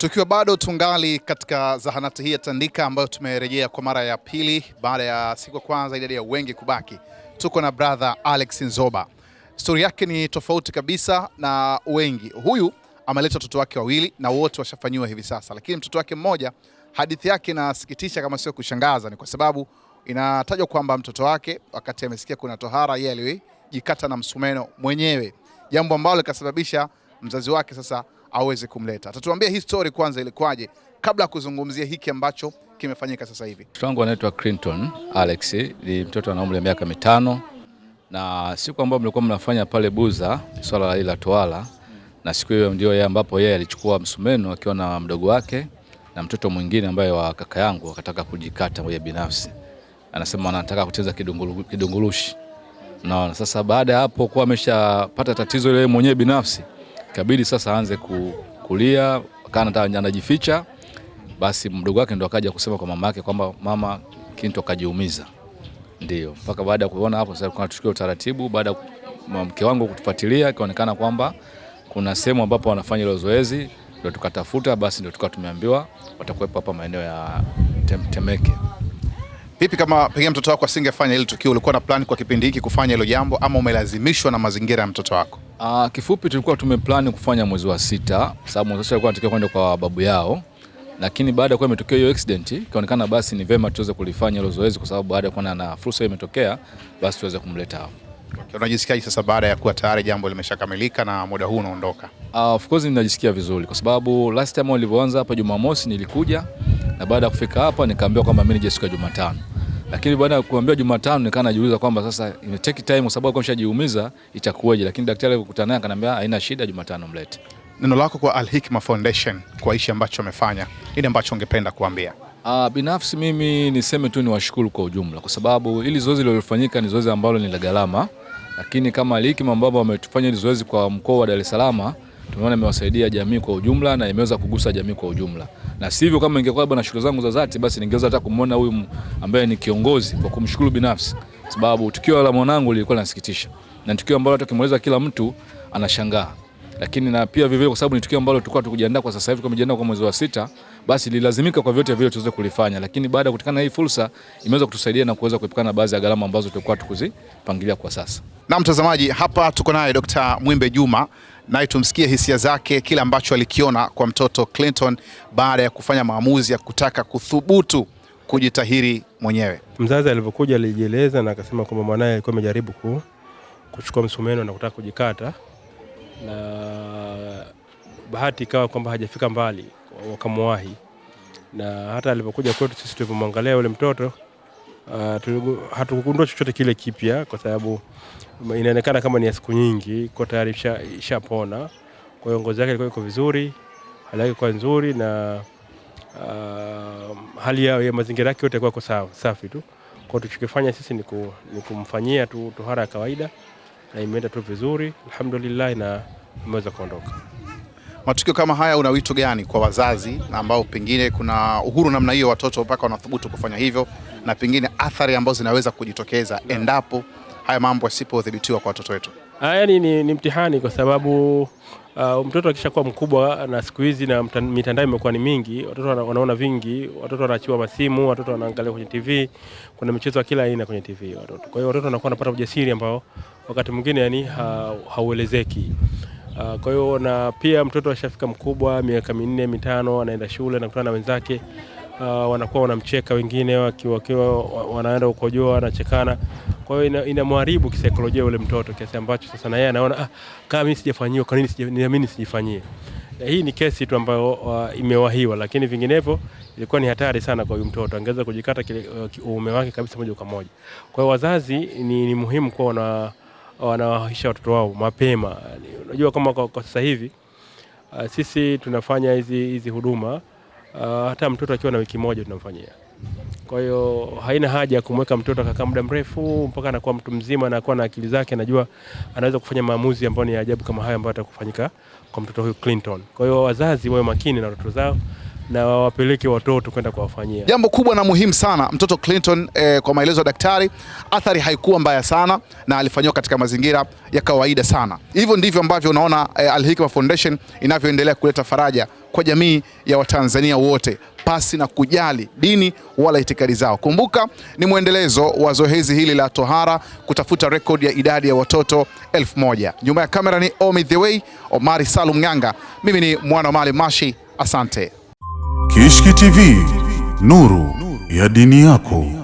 Tukiwa bado tungali katika zahanati hii ya Tandika ambayo tumerejea kwa mara ya pili baada ya siku ya kwanza idadi ya wengi kubaki, tuko na brother Alex Nzoba. Stori yake ni tofauti kabisa na wengi. Huyu ameleta watoto wake wawili na wote washafanyiwa hivi sasa, lakini mtoto wake mmoja, hadithi yake inasikitisha kama sio kushangaza. Ni kwa sababu inatajwa kwamba mtoto wake wakati amesikia kuna tohara, yeye alijikata na msumeno mwenyewe, jambo ambalo likasababisha mzazi wake sasa aweze kumleta. Atatuambia hii story kwanza ilikuwaje kabla ya kuzungumzia hiki ambacho kimefanyika sasa hivi. Mtoto wangu anaitwa Clinton Alex, ni mtoto ana umri wa miaka mitano, na siku ambayo mlikuwa mnafanya pale Buza swala la ila toala, na siku hiyo ndio yeye ambapo yeye alichukua msumeno akiwa na mdogo wake na mtoto mwingine ambaye wa kaka yangu, akataka kujikata yeye binafsi, anasema anataka kucheza kidunguru, kidungurushi. Naona sasa baada ya hapo kuwa ameshapata tatizo ile mwenyewe binafsi ikabidi sasa aanze kulia kana anajificha. Basi mdogo wake ndo akaja kusema kwa mama yake kwamba mama Kinto kajiumiza, ndio mpaka baada ya kuona hapo sasa kuna tukio taratibu. Baada ya mke wangu kutufuatilia, ikaonekana kwamba kuna sehemu ambapo wanafanya ile zoezi, ndio tukatafuta, basi ndio tukawa tumeambiwa watakuwepo hapa maeneo ya tem, Temeke. Vipi kama pengine mtoto wako asingefanya hili tukio, ulikuwa na plani kwa kipindi hiki kufanya hilo jambo ama umelazimishwa na mazingira ya mtoto wako? Aa, ah, kifupi tulikuwa tumeplani kufanya mwezi wa sita, sababu mwezi alikuwa anatakiwa kwenda kwa babu yao, lakini baada ya kuwa imetokea hiyo accident ikaonekana basi ni vema tuweze kulifanya hilo zoezi, kwa sababu baada ya kuwa na fursa hiyo imetokea, basi tuweze kumleta hapa. Unajisikiaje sasa baada ya kuwa tayari jambo limeshakamilika na muda huu unaondoka? Uh, of course ninajisikia vizuri kwa sababu last time walivyoanza hapa Jumamosi nilikuja na baada ya kufika hapa nikaambiwa kwamba mimi nije siku ya Jumatano, lakini baada ya kuambiwa Jumatano nikaa najiuliza kwamba sasa ime take time kwa sababu ameshajiumiza itakuwaje, lakini daktari alikutana naye akaniambia haina shida, Jumatano mlete. Neno lako kwa Al Hikma Foundation kwa ishi ambacho amefanya, ile ambacho ungependa kuambia? Uh, binafsi mimi niseme tu niwashukuru kwa ujumla, kwa sababu ili zoezi lililofanyika ni zoezi ambalo ni la gharama, lakini kama Al Hikma ambao wametufanya hili zoezi kwa mkoa wa Dar es Salaam tumeona imewasaidia jamii kwa ujumla na imeweza kugusa jamii kwa ujumla, na sivyo kama ingekuwa bwana shukrani zangu za dhati, basi ningeweza hata kumuona huyu ambaye ni kiongozi kwa kumshukuru binafsi, sababu tukio la mwanangu lilikuwa linasikitisha na tukio ambalo hata kimweleza kila mtu anashangaa lakini na pia vivyo kwa sababu ni tukio ambalo tulikuwa tukijiandaa kwa sasa hivi, tumejiandaa kwa mwezi wa sita, basi lilazimika kwa vyote vile tuweze kulifanya. Lakini baada ya kutikana hii fursa imeweza kutusaidia na kuweza kuepukana na baadhi ya gharama ambazo tulikuwa tukuzipangilia kwa sasa. Na mtazamaji, hapa tuko naye Dr. Mwimbe Juma naye tumsikie hisia zake, kile ambacho alikiona kwa mtoto Clinton baada ya kufanya maamuzi ya kutaka kuthubutu kujitahiri mwenyewe. Mzazi alivyokuja alijieleza na akasema kwamba mwanaye alikuwa amejaribu ku, kuchukua msumeno na kutaka kujikata, na bahati ikawa kwamba hajafika mbali, wakamwahi na hata alipokuja kwetu sisi tulivyomwangalia yule mtoto Ah, hatukugundua chochote kile kipya kwa sababu inaonekana kama ni ya siku nyingi, kwa tayari ishapona. Kwa hiyo ngozi yake ilikuwa iko vizuri, hali yake kwa nzuri na uh, hali ya mazingira yake yote ilikuwa iko safi tu. Kwa tuchokifanya sisi ni, ku, ni kumfanyia tu tohara ya kawaida na imeenda tu vizuri alhamdulillah, na ameweza kuondoka matukio kama haya, una wito gani kwa wazazi ambao pengine kuna uhuru namna hiyo, watoto mpaka wanathubutu kufanya hivyo, na pengine athari ambazo zinaweza kujitokeza endapo haya mambo yasipodhibitiwa kwa watoto wetu? Haya ah, ni, ni, mtihani kwa sababu uh, mtoto akishakuwa mkubwa na siku hizi na mitandao imekuwa ni mingi, watoto wanaona vingi, watoto wanaachiwa masimu, watoto wanaangalia kwenye TV, kuna michezo ya kila aina kwenye TV watoto. Kwa hiyo watoto wanakuwa wanapata ujasiri ambao wakati mwingine yani ha, hauelezeki. Uh, Kwa hiyo na pia mtoto ashafika mkubwa, miaka minne mitano, anaenda shule, anakutana na wenzake uh, wanakuwa wanamcheka wengine wakiwa wakiwa wanaenda huko ukojoa, wanachekana. Kwa hiyo inamharibu ina kisaikolojia yule mtoto kiasi ambacho sasa na yeye anaona ah, kama mimi sijafanyiwa, kwa nini niamini sijifanyie? Eh, hii ni kesi tu ambayo uh, imewahiwa, lakini vinginevyo ilikuwa ni hatari sana kwa huyu mtoto, angeweza kujikata kile, uh, wake kabisa moja kwa moja. Kwa hiyo wazazi ni, ni muhimu kuwa wana wanawahisha watoto wao mapema. Unajua kama kwa, kwa sasa hivi uh, sisi tunafanya hizi hizi huduma uh, hata mtoto akiwa na wiki moja tunamfanyia. Kwa hiyo haina haja ya kumweka mtoto akakaa muda mrefu mpaka anakuwa mtu mzima, anakuwa na akili zake, anajua anaweza kufanya maamuzi ambayo ni ajabu kama hayo ambayo atakufanyika kwa mtoto huyu Clinton. Kwa hiyo wazazi wawe makini na watoto zao na wawapeleke watoto kwenda kuwafanyia jambo kubwa na muhimu sana. Mtoto Clinton eh, kwa maelezo ya daktari, athari haikuwa mbaya sana na alifanyiwa katika mazingira ya kawaida sana. Hivyo ndivyo ambavyo unaona eh, Al Hikma Foundation inavyoendelea kuleta faraja kwa jamii ya Watanzania wote pasi na kujali dini wala itikadi zao. Kumbuka ni mwendelezo wa zoezi hili la tohara kutafuta rekodi ya idadi ya watoto elfu moja. Nyuma ya kamera ni Omi The Way, Omari Salum Ng'anga, mimi ni mwana Mali Mashi, asante. Kishki TV, nuru ya dini yako.